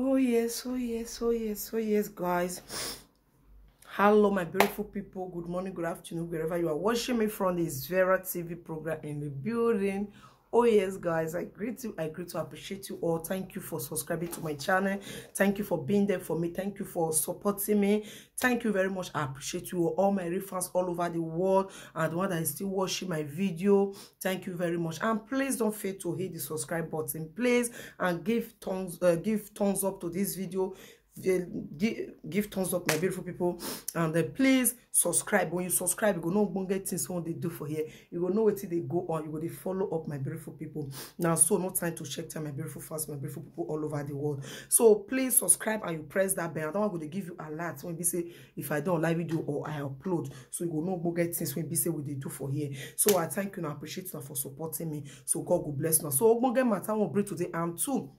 Oh yes, oh yes, oh yes, oh yes, guys. Hello, my beautiful people. Good morning, good afternoon, wherever you are watching me from this Vera TV program in the building. oh yes guys i greet you i greet to appreciate you all thank you for subscribing to my channel thank you for being there for me thank you for supporting me thank you very much i appreciate you all my reference all over the world and the one that is still watching my video thank you very much and please don't fail to hit the subscribe button please and give thumbs uh, give thumbs up to this video give thumbs up my beautiful people and then please subscribe when you subscribe you go know get things What they do for here you go know wetin they go on you go dey follow up my beautiful people Now, so no time to check time my beautiful fans my beautiful people all over the world so please subscribe and you press that bell and that one go give you alert when be say if i don live video or i upload so you go know get things When be say what they do for here so i thank you and appreciate you for supporting me so god go bless now. so my time wan break today and two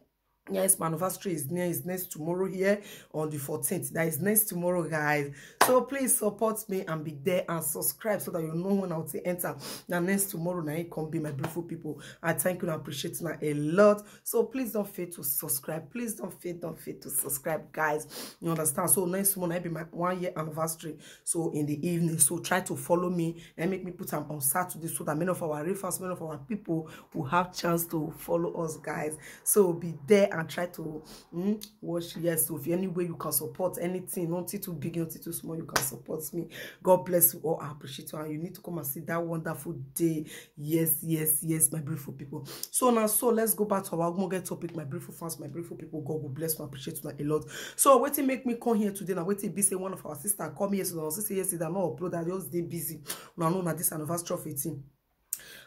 yes anniversary is near is next tomorrow here on the 14th that is next tomorrow guys so please support me and be there and subscribe so that you know when i'll take enter now next tomorrow now it can be my beautiful people i thank you and appreciate now a lot so please don't fail to subscribe please don't fail don't fail to subscribe guys you understand so next tomorrow i'll be my one year anniversary so in the evening so try to follow me and make me put them on saturday so that many of our refers many of our people will have chance to follow us guys so be there and try to mm, watch yes so if any way you can support anything not too big not too small you can support me. God bless you all. I appreciate you. And you need to come and see that wonderful day. Yes, yes, yes, my beautiful people. So now, so let's go back to our Ogmoge topic, my beautiful fans, my beautiful people. God will bless you. I appreciate you a lot. So what it make me come here today? Now, wait till be say one of our sister come here. So now, sister yesterday, I'm not upload. I just day busy. Now, no, this anniversary of 18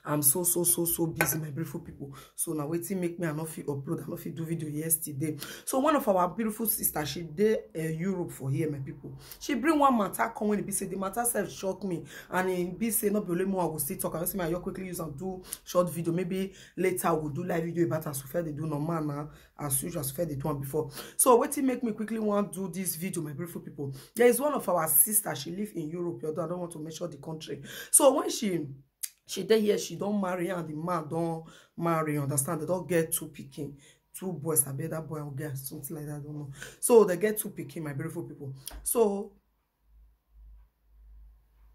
i'm so so so so busy my beautiful people so now waiting make me i not fit upload i not fit do video yesterday so one of our beautiful sisters she dey uh, europe for here my people she bring one matter come when e be say the matter self shock me and e be say no be more i will still talk i just see my. i quickly use and do short video maybe later i will do live video about as we they do normal now as usual as we fair one before so waiting make me quickly wan do this video my beautiful people there is one of our sister she live in europe although i don't want to mention the country so when she she dey here she don't marry and the man don't marry understand they don't get two picking two boys I bet that boy or girl something like that i don't know so they get two picking, my beautiful people so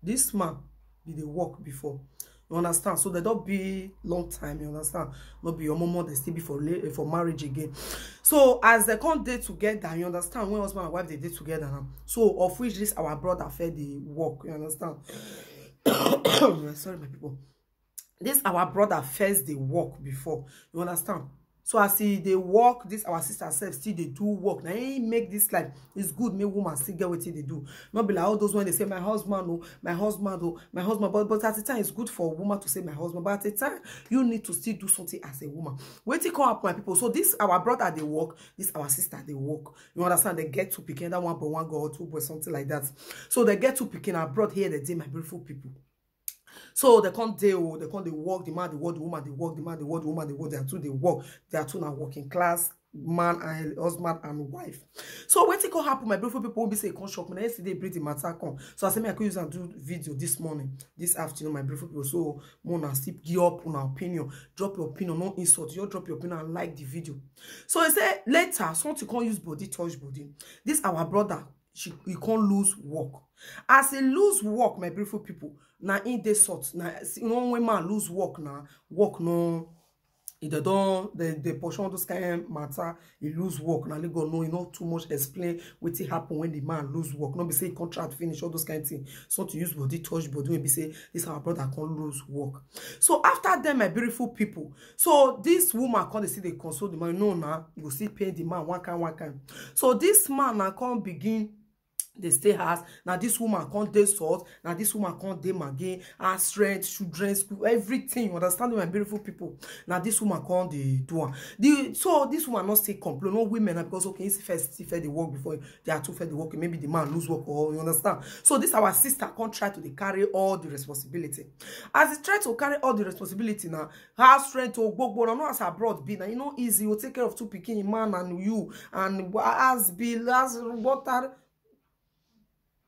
this man did dey work before you understand so they don't be long time you understand Not be your momo they still be for for marriage again so as they can't date together you understand when husband and wife they date together now so of which this our brother fair the work you understand sorry my people this our brother first dey work before you understand so as see they work this our sister self. still they do work Now he make this life it's good make woman still get what they do Not be like all those when they say my husband o oh, my husband Oh my husband but but at the time it's good for a woman to say my husband but at the time you need to still do something as a woman wetin come up my people so this our brother they work this our sister they work you understand they get to picking that one boy one girl or two boys something like that so they get to picking. I brought here the day my beautiful people So they can't they oh, they can't they work, the man, the work, the woman, they work, the man, the work, the woman, they work, they are two, they work, they are two now working class, man and husband and wife. So wetin go happen, my beautiful people will be say come shop. me. Yesterday bring the matter come. So I say me I could use and do video this morning, this afternoon, my beautiful people. So Mona sip give up on our opinion. Drop your opinion, no insult. You drop your opinion and like the video. So I say later, something can't use body, touch body. This our brother, she he can't lose work as he lose work my beautiful people Now in this sort now you know when man lose work now work no e dey don the dey portion of those kind of matter He lose work Now na go, no you know too much explain what it happen when the man lose work no be say contract finish all those kind of thing so to use body touch body maybe say this our brother come lose work so after them my beautiful people so this woman come dey see they console the man No, now you go see pay the man one kind one kind so this man na come begin dey stay house na dis woman come dey salt na dis woman come dey maggi house rent children school everything you understand my beautiful people na dis woman come dey do am the so dis woman no still complain no women na because okay if first still first dey work before they their two first dey work maybe the man lose work or you understand so this our sister come try to dey carry all the responsibility as e try to carry all the responsibility na house rent o oh, gbogbo na no as abroad be na e no easy you oh, take care of two pikin man and you and as be as water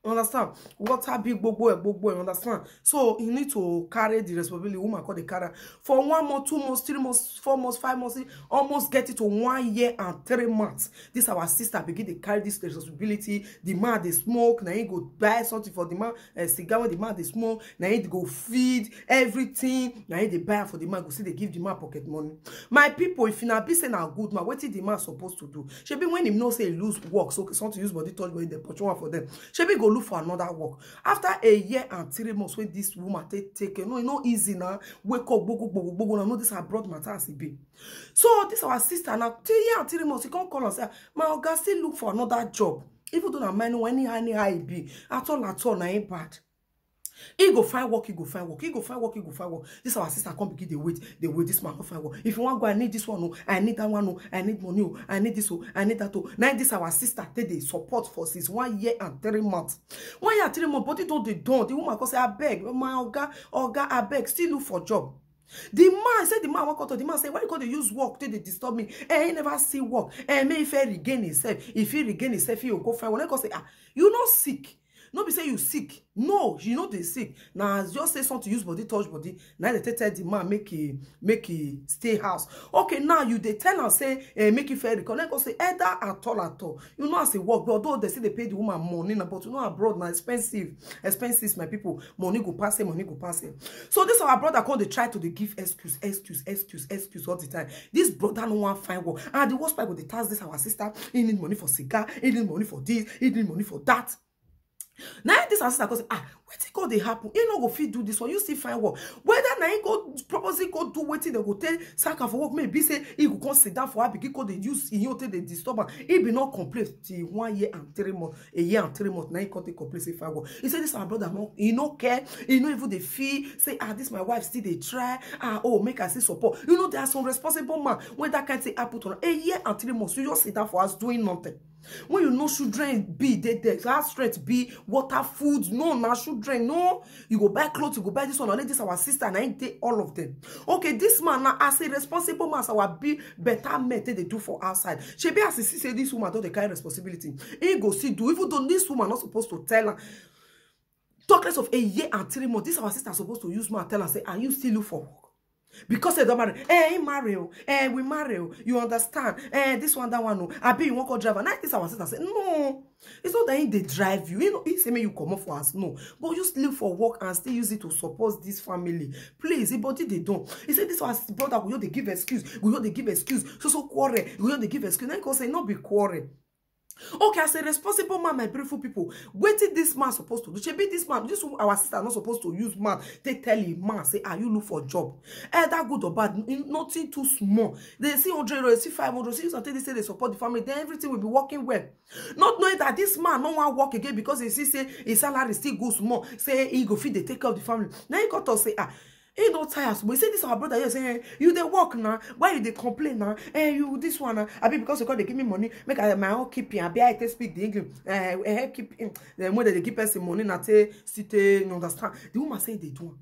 understand? Water be gbogbo e gbogbo e, understand? So you need to carry the responsibility woman call the carrier For one month, two months, three months, four months, five months, almost get it to one year and three months. This our sister begin to carry this responsibility. The man they smoke, na him go buy something for the man, uh, cigar when the man they smoke, na him go feed everything, na him they buy for the man, go see they give the man pocket money. My people, if you not be saying a good man, what is the man supposed to do? She be when him know say lose work, so something use body touch body, they put one for them. She be go look for another work after a year and three months wey This woman take take no e no easy now. wake up bogo bogo bogo. na no this. abroad matter as e be so this our sister now. three year and three months she can't call us say my girl still look for another job even though na minor anyhow any high be at all at all na ain't bad He go find work He go find work He go find work He go find work this our sister come begin the wait The wait this man go find work if you want go i need this one o oh. i need that one o oh. i need money o oh. i need this o i need that o Now this our sister take dey support for this one year and three months one year and three months body don they don't. the woman come say I abeg my oga oga beg. still look for job the man said, the man walk out. off the man say why you go to use work till they disturb me eh he never see work eh make he regain himself if he regain himself he will go find work let me come say ah you not sick no be say you sick no you know they sick Now as just say something use body touch body Now dey tell the man make he make he stay house okay now you dey tell and say eh, make he fair reconnect go say either eh, at all at all you know as e work but although they still they pay the woman money na but you know abroad na expensive expenses my people money go pass money go pass so this our brother called they try to they give excuse excuse excuse excuse all the time this brother no wan find work and the worst part go the task this our sister he need money for cigar he need money for this he need money for that Now this ancestor go say, ah, wetin go they happen? You know go fit do this one. You see fine work. Whether now he go purposely go do wetin they go tell sack for work, maybe say he go come sit down for her because go dey use in take dey disturb am. He be not complete. till one year and three months, a year and three months. Now he come take complain say fine work. He said this my brother no, he no care. He no even the fee. Say ah, this my wife still they try. Ah oh, make I see support. You know there are some responsible man when that kind of thing happen to A year and three months, you just sit down for us doing nothing when you know children be they there that strength be water food no na children no you go buy clothes, you go buy this one only this our sister and him dey all of them okay this man now as a responsible man as our be better men they do for outside She be as a e see say this woman don dey carry responsibility he go see do even though this woman not supposed to tell am talk less of a year and three months this our sister supposed to use mouth tell her say are you still look for because they don't marry eh he marry oh eh we marry oh you understand eh this one that one oh abi you wan call driver na this our sister say no it's not that he dey drive you he no he say make you comot for house no but you sleep for work and still use it to support this family please he body dey don he say this one brother guyo dey give excuse guyo dey give excuse so so quarrel guyo dey give excuse na him come say no be quarrel Okay, as a responsible man, my beautiful people, What did this man supposed to do. She be this man, this woman, our sister not supposed to use man. They tell him, man, say, are ah, you look for job? Eh, that good or bad, nothing too small. They see 100, they see 500, see until they say they support the family, then everything will be working well. Not knowing that this man no one work again because he see say his salary still goes more. say he go feed, they take care of the family. Now he got to say, ah, he no tire but he say this our brother here say eh you dey work na why you dey complain na eh you this one na abi because you come dey give me money make i my own keep him abi i take speak the english eh eh keep him then when they dey give person money na take still you understand the woman say he dey do am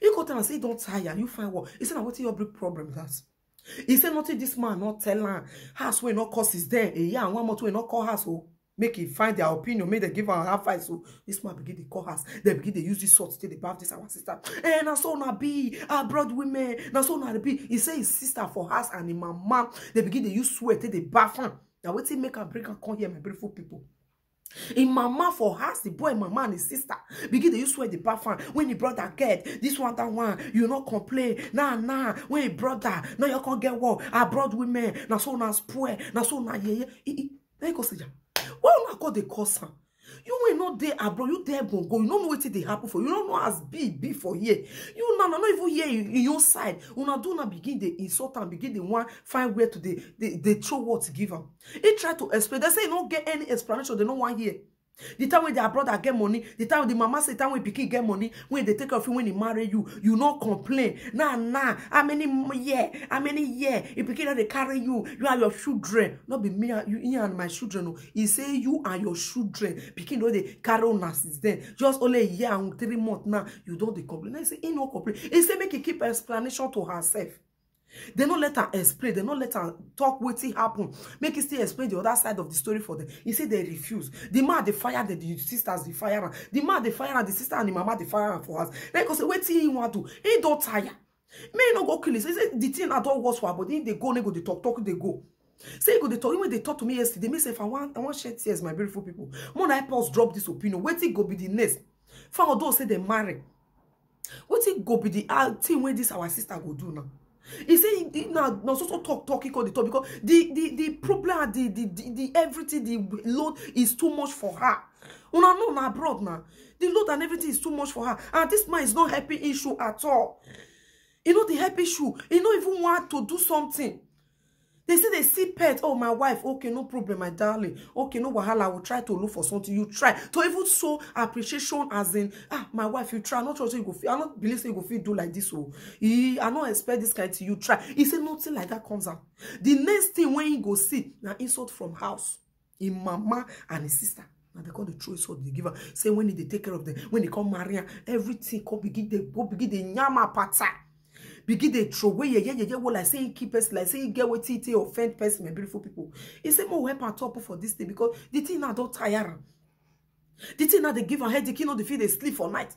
he go tell am say he don tire you find work he say na wetin your big problem be that he say nothing this man no tell am house wey no cost is there eya and one month wey no call house o. Oh make e find their opinion make dem give am advice So oh, this man begin dey call house They begin dey use this salt take dey baff this our sister eh na so una be abroad women na so una be he say his sister for house and him mama They begin dey use sweat take dey baff am na wetin make am break am come here my beautiful people im mama for house the boy mama and his sister begin dey use sweat dey baff am when im brother get this one that one you no complain now nah, nah. when im brother no you come get war abroad women na so una spoil na so una yeye e e na you go see jam una ah, go dey cause am you wey no dey abroad you dey go. you don't know wetin They happen for you don't know as be be for here you na na not even here in your side una do not begin the insult am begin the one find where to dey dey throw what to give am he try to explain they say he no get any explanation they no want here. The time when their brother get money, the time the mama say, the time when Piki get money, when they take off you, when he marry you, you no complain. Nah, nah, how many year, how many year, if pikin they carry you, you are your children. Not be me, you, you and my children. No. Oh. He say you and your children. Piki know they carry on since then. Just only a year and three months now, you don't they complain. I say, he no complain. He say, make he keep explanation to herself. They no let her explain They no let her talk wetin happen make e still explain the other side of the story for them. You see, they refuse the man dey fire dem the sisters dey fire am the man dey fire am the sister and the mama dey fire am for us. then e go say wetin he want to. he don't tire may he no go kill him so he say the thing na don worse for am but he they go and go dey talk talk They go say go dey talk even they talk to me yesterday me say if i want. i wan share tears my beautiful people more na help drop this opinion wetin go be the next fan those say they marry What wetin go be the uh, thing wey this our sister go do now He say now now so so talk talk He call the talk because the the the problem the the the, the everything the load is too much for her. Una know na abroad na the load and everything is too much for her and this man is not helping issue at all. He no dey help issue. He no even want to do something they see they see pet oh my wife okay no problem my darling okay no wahala i will try to look for something you try to even show appreciation as in ah my wife you try I'm not sure you go fit i not believing you go fit do like this oh. e i no expect this kind To you try he said nothing like that comes out the next thing when he go see na insult from house him mama and his sister na they come the true insult They give her. say when he dey take care of them. when he come marry am everything come begin They go begin the nyama pata begin dey throway yeye yeye wo like say e kill person like saying get wetin e take offend person my beautiful people e say more help am top for this thing because the thing now don't tire the thing now they give am headache e no dey fit they sleep for night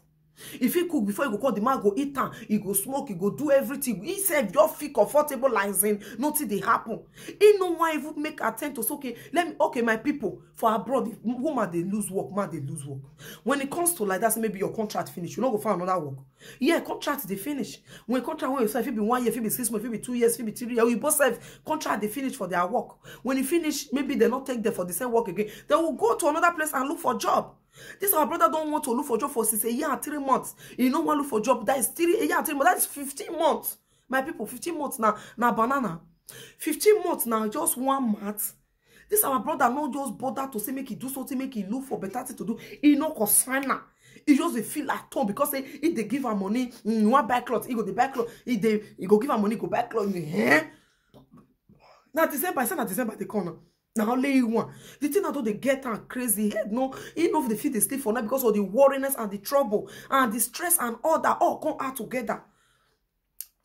If he cook before he go call the man go eat am he go smoke he go do everything He said, just feel comfortable like zen nothing they happen e no wan even make attempt to say okay let me okay my people for abroad if woman they lose work man they lose work when it comes to like that maybe your contract finish you no go find another work yeah contract they finish when contract when you say if it be one year if it be six months it be two years if it be three years both sef contract they finish for their work when e finish maybe they not take them for the same work again They will go to another place and look for job This our brother don't want to look for job for since a year and three months. He don't want to look for job. That is three a year and three months. That is 15 months. My people, 15 months now. Now banana. 15 months now, just one month. This our brother not just bother to say make he do something, make he look for better thing to do. He no concern now. He just feel at home because say if they give her money, mm, you want buy cloth, he go the buy cloth. If they he go give her money, go buy cloth. Eh? Now December, I said now December they come now na only one the thing I do, they get am crazy head no enough. They feel they sleep for now because of the worriness and the trouble and the stress and all that all come out together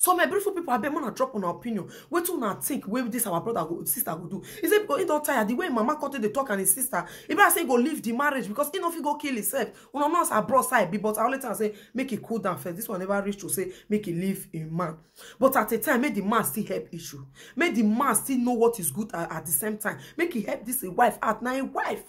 So my beautiful people, I beg una drop on opinion. Wait till una think where this our brother go, sister go do. He said because he don't tired. The way mama cut the talk and his sister, he better say go leave the marriage because he no fit go kill himself. Una knows her bro side be, but I only tell say make he cool down first. This one never reach to say make he leave him man. But at a time, make the man still help issue. Make the man still know what is good at, at the same time. Make he help this wife out. Now a wife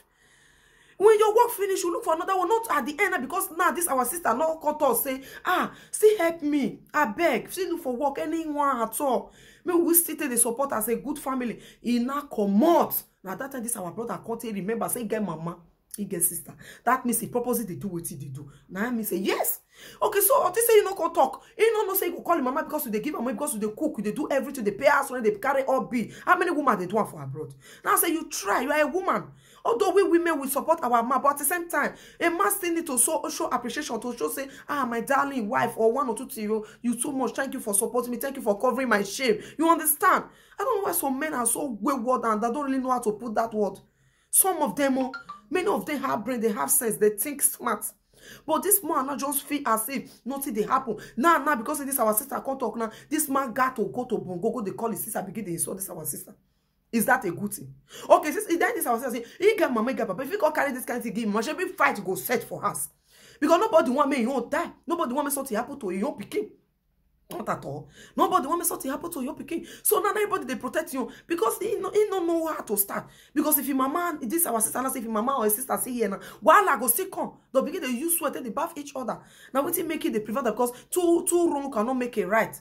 when your work finish you look for another one not at the end because now nah, this our sister not cut us say ah still help me I beg, still look for work anyone at all make we still take the support as a good family in na comot Now that time this our brother come take remember say get mama he get sister that means he purposely dey do wetin he did do Now him mean say yes okay so aunty say you no go talk e no know say you go call your mama because you dey give am money because you dey cook you dey do everything dey pay house rent dey carry all bill how many women dey do am for abroad now say you try you are a woman although we women we support our mama, but at the same time a man still need to show, show appreciation to show say ah my darling wife or one or two to you you too much thank you for supporting me thank you for covering my shame you understand i don't know why some men are so wayward and i don't really know how to put that word some of them oh, many of them have brain they have sense they think smart But this man now just feel as if nothing they happen. Now, now, because of this, our sister can't talk now. This man got to go to Bongo, go, they call his sister, begin to insult this our sister. Is that a good thing? Okay, since he died this our sister, say, he got mama, he got papa. If he can't carry this kind of thing, give him, fight go set for us. Because nobody want me, he won't die. Nobody want me something happen to you, he won't be king. Not at all. Nobody want me something happen to your pikin. So now everybody they protect you because he no he don't know how to start. Because if your mama, this our sister, if your mama or your sister see here now, while I go see come, they begin to use sweat, they bath each other. Now what make it they prevent because two two wrong cannot make it right.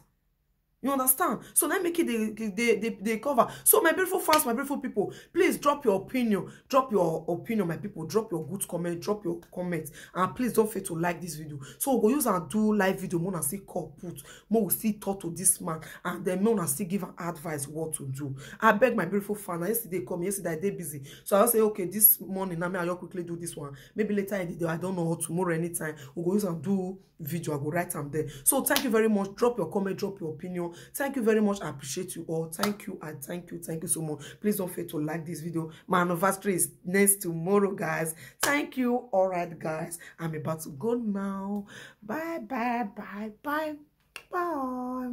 You understand? So let me make it the, the, the, the cover. So my beautiful fans, my beautiful people, please drop your opinion. Drop your opinion, my people. Drop your good comment. Drop your comment. And please don't forget to like this video. So we'll go use and do live video. More and see call put. More will see talk to this man. And then more see give her advice what to do. I beg my beautiful fans. Yesterday come. Yesterday they busy. So I'll say, okay, this morning, now I'll quickly do this one. Maybe later in the day, I don't know, tomorrow anytime. We'll go use and do video. I'll go write them there. So thank you very much. Drop your comment. Drop your opinion thank you very much i appreciate you all thank you and thank you thank you so much please don't forget to like this video my anniversary is next tomorrow guys thank you all right guys i'm about to go now bye bye bye bye bye